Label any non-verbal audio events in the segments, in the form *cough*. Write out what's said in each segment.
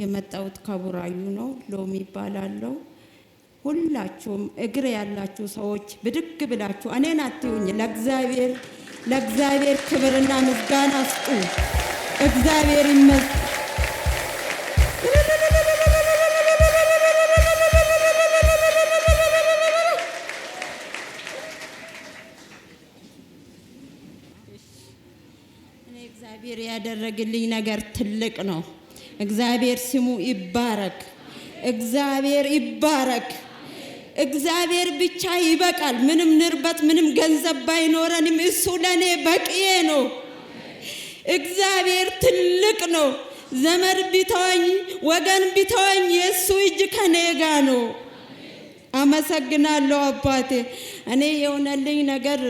የመጣሁት ከቡራዩ ነው። ሎሚ ይባላለው። ሁላችሁም እግር ያላችሁ ሰዎች ብድግ ብላችሁ እኔን አትዩኝ። ለእግዚአብሔር ለእግዚአብሔር ክብርና ምስጋና ስጡ። እግዚአብሔር ይመስ እግዚአብሔር ያደረግልኝ ነገር ትልቅ ነው። እግዚአብሔር ስሙ ይባረክ። እግዚአብሔር ይባረክ። እግዚአብሔር ብቻ ይበቃል። ምንም ንርበት፣ ምንም ገንዘብ ባይኖረንም እሱ ለእኔ በቅዬ ነው። እግዚአብሔር ትልቅ ነው። ዘመድ ቢተወኝ፣ ወገን ቢተወኝ የእሱ እጅ ከኔ ጋ ነው። አመሰግናለሁ አባቴ። እኔ የሆነልኝ ነገር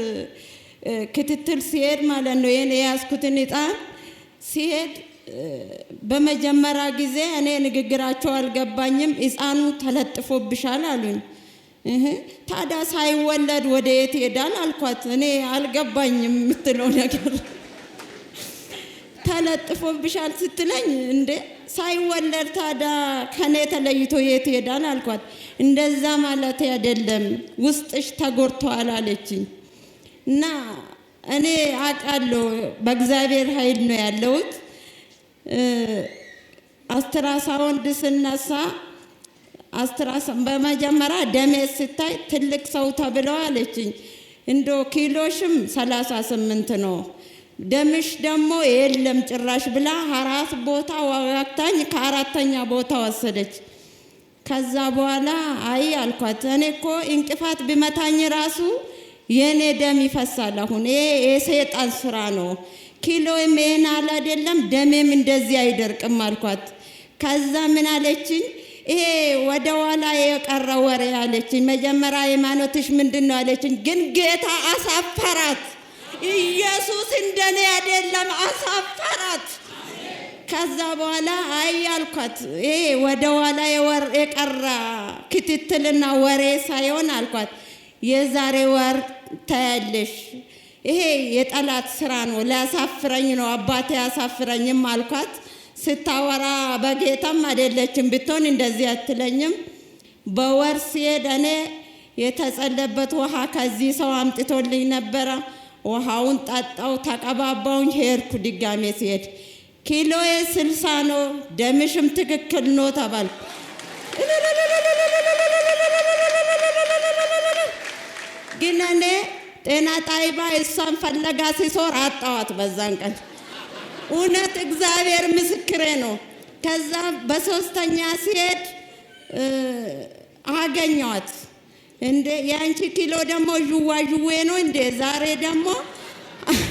ክትትል ሲሄድ ማለት ነው ይህን የያዝኩትን ዕጣን ሲሄድ በመጀመሪያ ጊዜ እኔ ንግግራቸው አልገባኝም። ህፃኑ ተለጥፎብሻል አሉኝ። ታዲያ ሳይወለድ ወደ የት ሄዳል አልኳት። እኔ አልገባኝም የምትለው ነገር ተለጥፎብሻል ስትለኝ እንዴ ሳይወለድ ታዳ ከኔ ተለይቶ የት ሄዳል አልኳት። እንደዛ ማለት አይደለም ውስጥሽ ተጎድተዋል አለችኝ። እና እኔ አውቃለሁ በእግዚአብሔር ኃይል ነው ያለሁት አስትራሳውንድ ስነሳ በመጀመሪያ ደሜ ስታይ ትልቅ ሰው ተብለው አለችኝ። እንዶ ኪሎሽም ሰላሳ ስምንት ነው ደምሽ ደግሞ የለም ጭራሽ ብላ አራት ቦታ ዋጋታኝ ከአራተኛ ቦታ ወሰደች። ከዛ በኋላ አይ አልኳት እኔ እኮ እንቅፋት ቢመታኝ ራሱ የእኔ ደም ይፈሳል። አሁን ይሄ የሰይጣን ስራ ነው። ኪሎ ይሄን አለ አይደለም፣ ደሜም እንደዚህ አይደርቅም አልኳት። ከዛ ምን አለችኝ? ይሄ ወደ ኋላ የቀረ ወሬ አለችኝ። መጀመሪያ ሃይማኖትሽ ምንድን ነው አለችኝ። ግን ጌታ አሳፈራት። ኢየሱስ እንደኔ አይደለም፣ አሳፈራት። ከዛ በኋላ አይ አልኳት፣ ይሄ ወደ ኋላ የቀረ ክትትልና ወሬ ሳይሆን አልኳት የዛሬ ወር ታያለሽ፣ ይሄ የጠላት ስራ ነው፣ ሊያሳፍረኝ ነው፣ አባቴ ያሳፍረኝም አልኳት። ስታወራ በጌታም አይደለችም ብትሆን እንደዚህ አትለኝም። በወር ሲሄድ እኔ የተጸለበት ውሃ ከዚህ ሰው አምጥቶልኝ ነበረ። ውሃውን ጠጣው፣ ተቀባባውኝ፣ ሄድኩ። ድጋሜ ሲሄድ ኪሎዬ ስልሳ ነው፣ ደምሽም ትክክል ነው ተባልኩ። ግን እኔ ጤና ጣይባ እሷን ፈለጋ ሲሶር አጣዋት በዛን ቀን። እውነት እግዚአብሔር ምስክሬ ነው። ከዛ በሶስተኛ ሲሄድ አገኘዋት። እንደ የአንቺ ኪሎ ደግሞ ዥዋ ዥዌ ነው እንዴ? ዛሬ ደግሞ *laughs*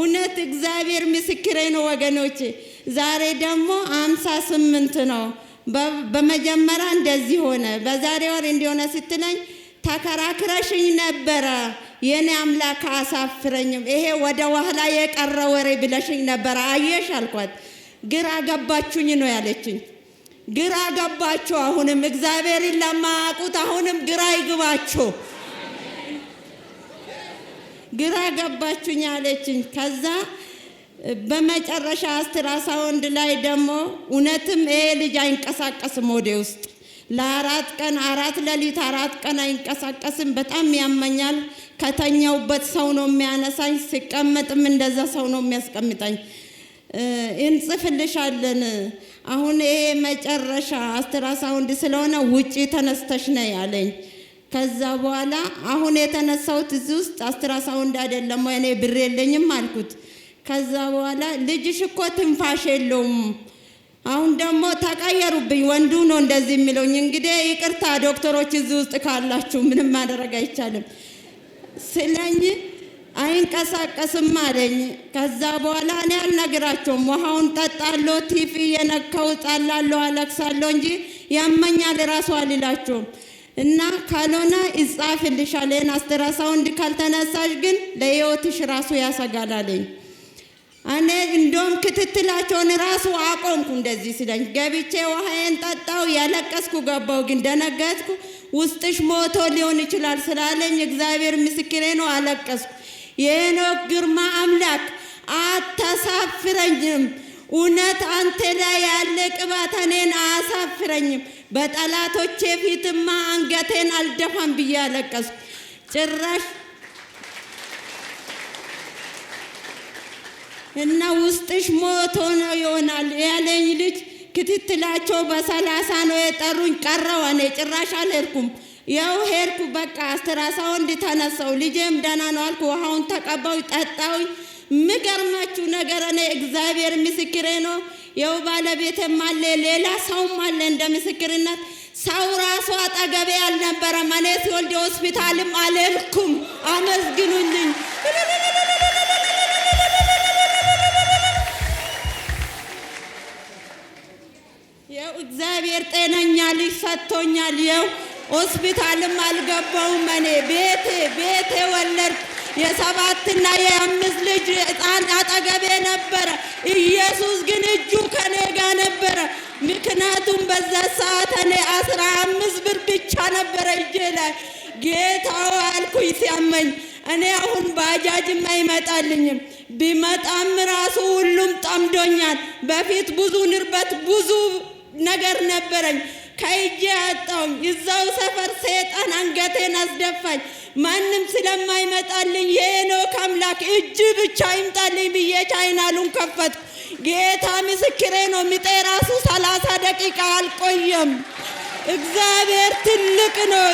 እውነት እግዚአብሔር ምስክሬ ነው ወገኖቼ። ዛሬ ደግሞ አምሳ ስምንት ነው። በመጀመሪያ እንደዚህ ሆነ፣ በዛሬ ወር እንዲሆነ ስትለኝ ተከራክረሽኝ ነበረ። የኔ አምላክ አሳፍረኝም፣ ይሄ ወደ ዋህላ የቀረ ወሬ ብለሽኝ ነበረ። አየሽ አልኳት። ግራ ገባችሁኝ ነው ያለችኝ። ግራ ገባችሁ። አሁንም እግዚአብሔርን ለማያውቁት አሁንም ግራ ይግባችሁ። ግራ ገባችሁኝ አለችኝ። ከዛ በመጨረሻ አስትራሳውንድ ላይ ደግሞ እውነትም ይሄ ልጅ አይንቀሳቀስም ወደ ውስጥ ለአራት ቀን አራት ሌሊት አራት ቀን አይንቀሳቀስም። በጣም ያመኛል። ከተኛውበት ሰው ነው የሚያነሳኝ። ሲቀመጥም እንደዛ ሰው ነው የሚያስቀምጠኝ። እንጽፍልሻለን። አሁን ይሄ መጨረሻ አስትራሳውንድ ስለሆነ ውጪ ተነስተሽ ነ ያለኝ። ከዛ በኋላ አሁን የተነሳሁት እዚህ ውስጥ አስትራሳውንድ አይደለም ወይ እኔ ብር የለኝም አልኩት። ከዛ በኋላ ልጅሽ እኮ ትንፋሽ የለውም አሁን ደግሞ ተቀየሩብኝ። ወንዱ ነው እንደዚህ የሚለኝ። እንግዲህ ይቅርታ ዶክተሮች እዚህ ውስጥ ካላችሁ ምንም ማድረግ አይቻልም ስለኝ አይንቀሳቀስም አለኝ። ከዛ በኋላ እኔ አልነግራቸውም። ውሃውን ጠጣለሁ፣ ቲቪ የነካው ጣላለሁ፣ አለቅሳለሁ እንጂ ያመኛል ራሱ አልላቸውም። እና ካልሆነ ይጻፍልሻል፣ ይህን አስትራሳውንድ ካልተነሳሽ ግን ለህይወትሽ ራሱ ያሰጋል አለኝ። እኔ እንደውም ክትትላቸውን ራሱ አቆምኩ። እንደዚህ ስለኝ ገብቼ ውሃዬን ጠጣው፣ ያለቀስኩ ገባው። ግን ደነገጥኩ። ውስጥሽ ሞቶ ሊሆን ይችላል ስላለኝ እግዚአብሔር ምስክሬ ነው፣ አለቀስኩ። የሄኖክ ግርማ አምላክ አታሳፍረኝም። እውነት አንተ ላይ ያለ ቅባት እኔን አያሳፍረኝም። በጠላቶቼ ፊትማ አንገቴን አልደፋም ብዬ አለቀስኩ ጭራሽ እና ውስጥሽ ሞቶ ነው ይሆናል ያለኝ ልጅ ክትትላቸው በሰላሳ ነው የጠሩኝ። ቀረው እኔ ጭራሽ አልሄድኩም። ያው ሄድኩ በቃ አስራ ሰውንድ ተነሳው። ልጄም ደህና ነው አልኩ። ውሃውን ተቀባው ጠጣው። ምገርማችሁ ነገር እኔ እግዚአብሔር ምስክሬ ነው። የው ባለቤቴም አለ ሌላ ሰውም አለ እንደ ምስክርነት ሰው ራሱ አጠገቤ አልነበረም። እኔ ሲወልድ ሆስፒታልም አልሄድኩም። አመስግኑልኝ። ይኸው እግዚአብሔር ጤነኛ ልጅ ሰጥቶኛል። ይኸው ሆስፒታልም አልገባውም። እኔ ቤቴ ቤቴ ወለድኩ። የሰባትና የአምስት ልጅ ሕፃን አጠገቤ ነበረ። ኢየሱስ ግን እጁ ከኔ ጋር ነበረ። ምክንያቱም በዛ ሰዓት እኔ አስራ አምስት ብር ብቻ ነበረ እጄ ላይ። ጌታው አልኩኝ ሲያመኝ እኔ አሁን ባጃጅም አይመጣልኝም ቢመጣም ራሱ ሁሉም ጠምዶኛል። በፊት ብዙ ንርበት ብዙ ነገር ነበረኝ ከእጄ አጣውኝ። እዛው ሰፈር ሰይጣን አንገቴን አስደፋኝ። ማንም ስለማይመጣልኝ የሄኖክ አምላክ እጅ ብቻ ይምጣልኝ ብዬ ቻይናሉን ከፈትኩ። ጌታ ምስክሬ ነው። ምጤ ራሱ ሰላሳ ደቂቃ አልቆየም። እግዚአብሔር ትልቅ ነው።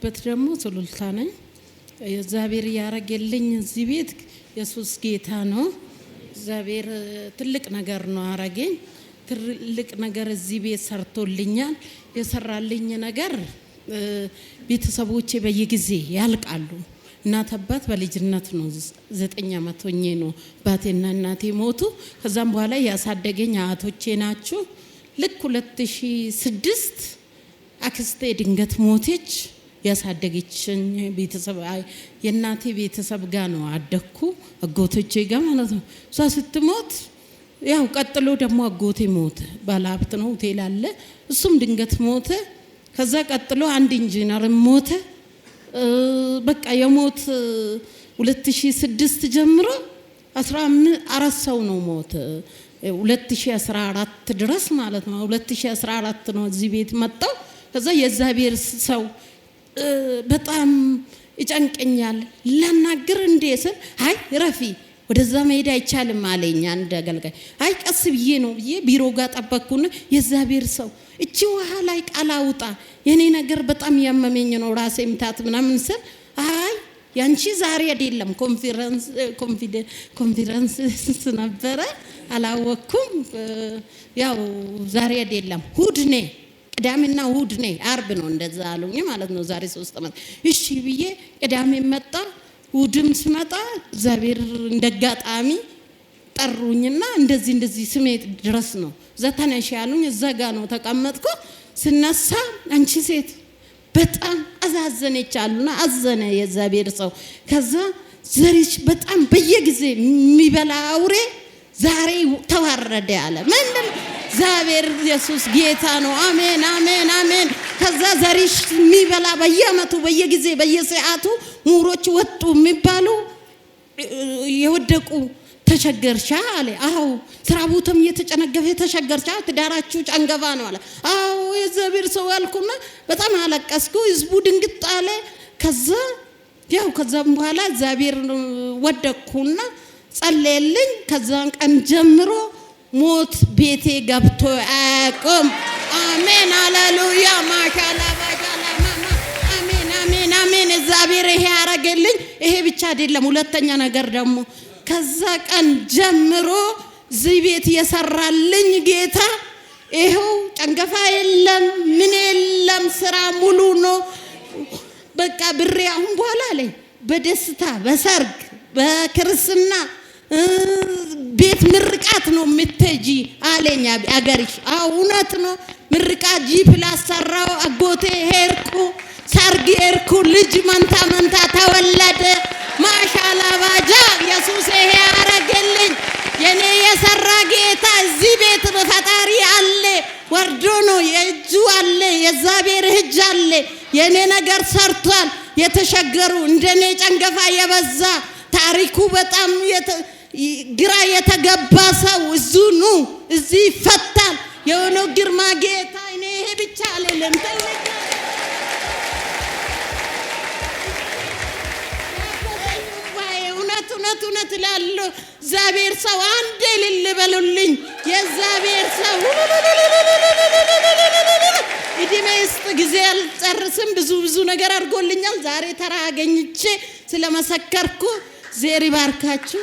ያለሁበት ደግሞ ሱሉልታ ነኝ። እግዚአብሔር እያረገልኝ እዚህ ቤት የሱስ ጌታ ነው። እግዚአብሔር ትልቅ ነገር ነው አረገኝ። ትልቅ ነገር እዚህ ቤት ሰርቶልኛል። የሰራልኝ ነገር ቤተሰቦቼ በየጊዜ ያልቃሉ። እናት አባት በልጅነት ነው ዘጠኝ ዓመት ሆኜ ነው አባቴና እናቴ ሞቱ። ከዛም በኋላ ያሳደገኝ አያቶቼ ናቸው። ልክ 2ስድስት አክስቴ ድንገት ሞቴች። ያሳደገችን ቤተሰብ የእናቴ ቤተሰብ ጋ ነው አደግኩ፣ አጎቶቼ ጋ ማለት ነው። እሷ ስትሞት ያው ቀጥሎ ደግሞ አጎቴ ሞተ። ባለሀብት ነው፣ ሆቴል አለ። እሱም ድንገት ሞተ። ከዛ ቀጥሎ አንድ ኢንጂነርም ሞተ። በቃ የሞት 2006 ጀምሮ 14 ሰው ነው ሞተ 2014 ድረስ ማለት ነው። 2014 ነው እዚህ ቤት መጣው። ከዛ የእግዚአብሔር ሰው በጣም ይጨንቀኛል ላናግር እንዴ ስል አይ ረፊ ወደዛ መሄድ አይቻልም አለኝ። አንድ አገልጋይ አይ ቀስ ብዬ ነው ብዬ ቢሮ ጋር ጠበቅኩና የእግዚአብሔር ሰው እቺ ውሃ ላይ ቃል አውጣ የኔ ነገር በጣም ያመመኝ ነው ራሴ ምታት ምናምን ስል አይ ያንቺ ዛሬ አይደለም ኮንፊደንስ *laughs* ነበረ አላወቅኩም። ያው ዛሬ አይደለም ሁድ ኔ ቅዳሜና እሑድ ነ አርብ ነው እንደዛ አሉኝ ማለት ነው። ዛሬ ሶስት ዓመት እሺ ብዬ ቅዳሜ መጣ፣ እሑድም ስመጣ እግዚአብሔር እንደጋጣሚ ጠሩኝና እንደዚህ እንደዚህ ስሜት ድረስ ነው ዘተነሽ ያሉኝ። እዛ ጋ ነው ተቀመጥኩ። ስነሳ አንቺ ሴት በጣም አዛዘነች አሉና አዘነ የእግዚአብሔር ሰው። ከዛ ዘሪች በጣም በየጊዜ የሚበላ አውሬ ዛሬ ተዋረደ አለ ምንድን እግዚአብሔር ኢየሱስ ጌታ ነው። አሜን፣ አሜን፣ አሜን። ከዛ ዘሪሽ የሚበላ በየአመቱ በየጊዜ በየሰዓቱ ሙሮች ወጡ የሚባሉ የወደቁ ተቸገርሻ አለ። አዎ ስራ ቦታም እየተጨነገፈ ተቸገርሻ፣ ትዳራችሁ ጨንገፋ ነው አለ። አዎ የእግዚአብሔር ሰው ያልኩና በጣም አለቀስኩ። ህዝቡ ድንግጥ አለ። ከዛ ያው ከዛም በኋላ እግዚአብሔር ወደቅኩና ጸለየልኝ። ከዛን ቀን ጀምሮ ሞት ቤቴ ገብቶ አያውቅም። አሜን አሌሉያ ማሻላ አሜን አሜን እግዚአብሔር ይሄ ያረገልኝ። ይሄ ብቻ አይደለም። ሁለተኛ ነገር ደግሞ ከዛ ቀን ጀምሮ እዚህ ቤት የሰራልኝ ጌታ ይኸው ጨንገፋ የለም ምን የለም፣ ስራ ሙሉ ነው። በቃ ብሬ አሁን በኋላ አለኝ በደስታ በሰርግ በክርስትና ቤት ምርቃት ነው የምትሄጂ አለኝ አገሪሽ። እውነት ነው ምርቃት ጂ ፕላሰራው አጎቴ ሄርኩ ሰርግ ሄርኩ ልጅ መንታ መንታ ተወለደ። ማሻላ ባጃ ኢየሱስ ይሄ ያረገልኝ የኔ የሰራ ጌታ እዚህ ቤት ፈጣሪ አለ። ወርዶ ነው የእጁ አለ የእግዚአብሔር እጅ አለ። የኔ ነገር ሰርቷል። የተሸገሩ እንደኔ ጨንገፋ የበዛ ታሪኩ በጣም ግራ የተገባ ሰው እዙ ኑ፣ እዚህ ይፈታል። የሆነው ግርማ ጌታ እኔ ይሄ ብቻ አልልም። እውነት እውነት እውነት ላለ እግዚአብሔር ሰው አንዴ እልል በሉልኝ። የእግዚአብሔር ሰው እድሜ ውስጥ ጊዜ አልጨርስም። ብዙ ብዙ ነገር አድርጎልኛል። ዛሬ ተራ አገኝቼ ስለመሰከርኩ ዜር ይባርካችሁ።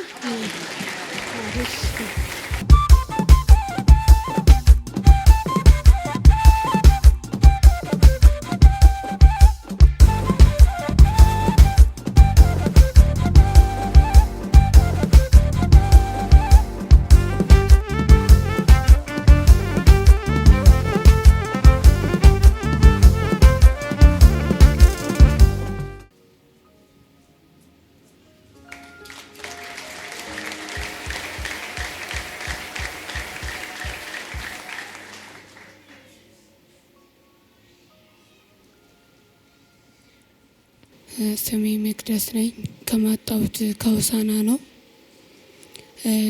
ስሜ መቅደስ ነኝ። ከማጣሁት ከውሳና ነው።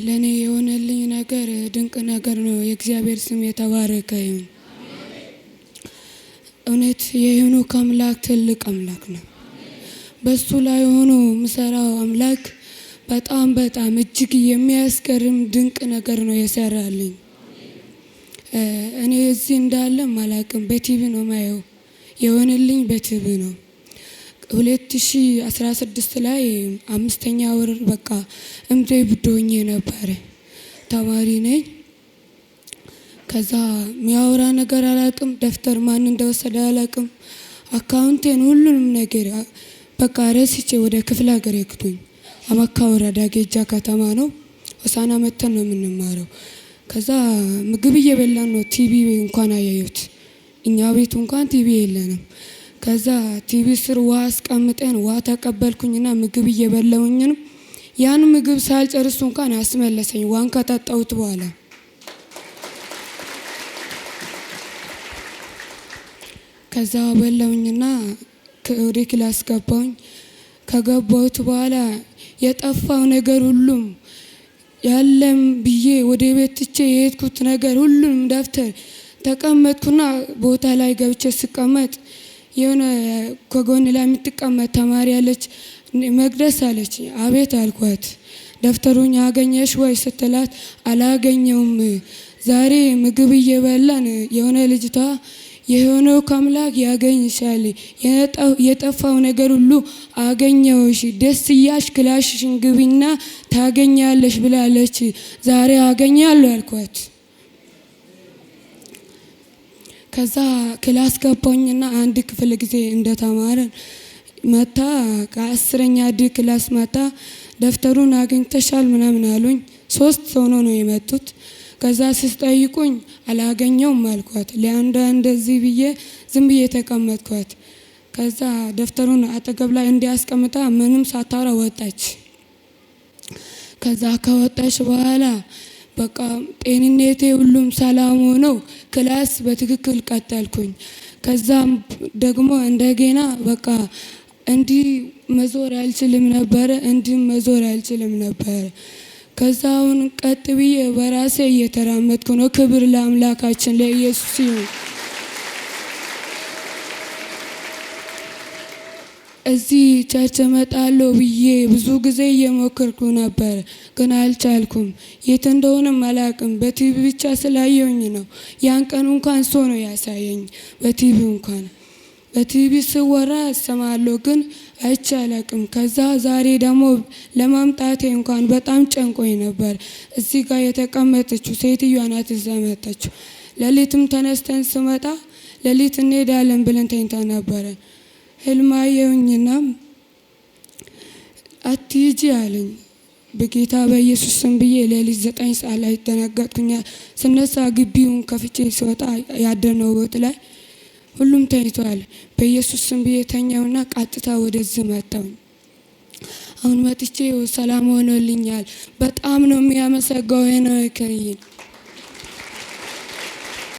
ለእኔ የሆነልኝ ነገር ድንቅ ነገር ነው። የእግዚአብሔር ስም የተባረከ ይሁን። እውነት የሄኖክ አምላክ ትልቅ አምላክ ነው። በሱ ላይ ሆኖ ምሰራው አምላክ በጣም በጣም እጅግ የሚያስገርም ድንቅ ነገር ነው የሰራልኝ። እኔ እዚህ እንዳለም አላቅም። በቲቪ ነው ማየው። የሆነልኝ በቲቪ ነው። ሁለት ሺ አስራ ስድስት ላይ አምስተኛ ወር በቃ እምዴ ብዶኜ ነበረ። ተማሪ ነኝ። ከዛ ሚያወራ ነገር አላቅም። ደፍተር ማን እንደወሰደ አላቅም። አካውንቴን ሁሉንም ነገር በቃ ረስቼ ወደ ክፍለ ሀገር የክቱኝ አማካ ወረዳ ጌጃ ከተማ ነው። ወሳና መተን ነው የምንማረው። ከዛ ምግብ እየበላን ነው። ቲቪ እንኳን አያዩት እኛ ቤቱ እንኳን ቲቪ የለንም። ከዛ ቲቪ ስር ውሃ አስቀምጠን ውሃ ተቀበልኩኝና ምግብ ነው። ያን ምግብ ሳልጨርሱ እንኳን አስመለሰኝ። ዋን ከጠጣሁት በኋላ ከዛ በለውኝና ወደ ክላስ ገባሁኝ። ከገባሁት በኋላ የጠፋው ነገር ሁሉም ያለም ብዬ ወደ ቤት ትቼ የሄድኩት ነገር ሁሉም ደብተር ተቀመጥኩና ቦታ ላይ ገብቼ ስቀመጥ የሆነ ከጎን ላይ የምትቀመጥ ተማሪ አለች። መቅደስ አለች። አቤት አልኳት። ደብተሩን ያገኘሽ ወይ ስትላት አላገኘውም። ዛሬ ምግብ እየበላን የሆነ ልጅቷ የሆነው ከአምላክ ያገኝሻል፣ የጠፋው ነገር ሁሉ አገኘውሽ፣ ደስ እያሽ ክላሽሽን ግቢና ታገኛለሽ ብላለች። ዛሬ አገኛለሁ አልኳት። ከዛ ክላስ ገባኝና አንድ ክፍል ጊዜ እንደተማረን መታ ከአስረኛ ድ ክላስ መታ ደብተሩን አግኝተሻል ምናምን አሉኝ። ሶስት ሰው ነው የመጡት። ከዛ ስስጠይቁኝ አላገኘውም አልኳት። ለአንዷ እንደዚህ ብዬ ዝም ብዬ ተቀመጥኳት። ከዛ ደብተሩን አጠገብ ላይ እንዲያስቀምጣ ምንም ሳታወራ ወጣች። ከዛ ከወጣች በኋላ በቃ ጤንነቴ ሁሉም ሰላም ሆኖ ክላስ በትክክል ቀጠልኩኝ። ከዛም ደግሞ እንደገና በቃ እንዲህ መዞር አልችልም ነበረ፣ እንዲ መዞር አልችልም ነበረ። ከዛ አሁን ቀጥ ብዬ በራሴ እየተራመድኩ ነው። ክብር ለአምላካችን ለኢየሱስ ይሁን። እዚህ ቸርች እመጣለሁ ብዬ ብዙ ጊዜ እየሞከርኩ ነበር፣ ግን አልቻልኩም። የት እንደሆነም አላቅም። በቲቪ ብቻ ስላየውኝ ነው። ያን ቀን እንኳን ሰው ነው ያሳየኝ። በቲቪ እንኳን በቲቪ ስወራ እሰማለሁ፣ ግን አይቼ ከዛ ዛሬ ደግሞ ለማምጣቴ እንኳን በጣም ጨንቆኝ ነበር። እዚህ ጋር የተቀመጠችው ሴትዮዋ ናት እዛ መጣችው። ሌሊትም ተነስተን ስመጣ ሌሊት እንሄዳለን ብለን ተኝተን ነበረን። ህልማየውኝና አትሂጂ አለኝ። በጌታ በኢየሱስ ስም ብዬ ሌሊት ዘጠኝ ሰዓት ላይ ደነገጥኩኝ። ስነሳ ግቢውን ከፍቼ ስወጣ ያደነው ቦት ላይ ሁሉም ተኝተዋል። በኢየሱስ ስም ብዬ ተኛውና ቀጥታ ወደዚህ መጣሁኝ። አሁን መጥቼ ሰላም ሆኖልኛል። በጣም ነው የሚያመሰገው ነው ይከይል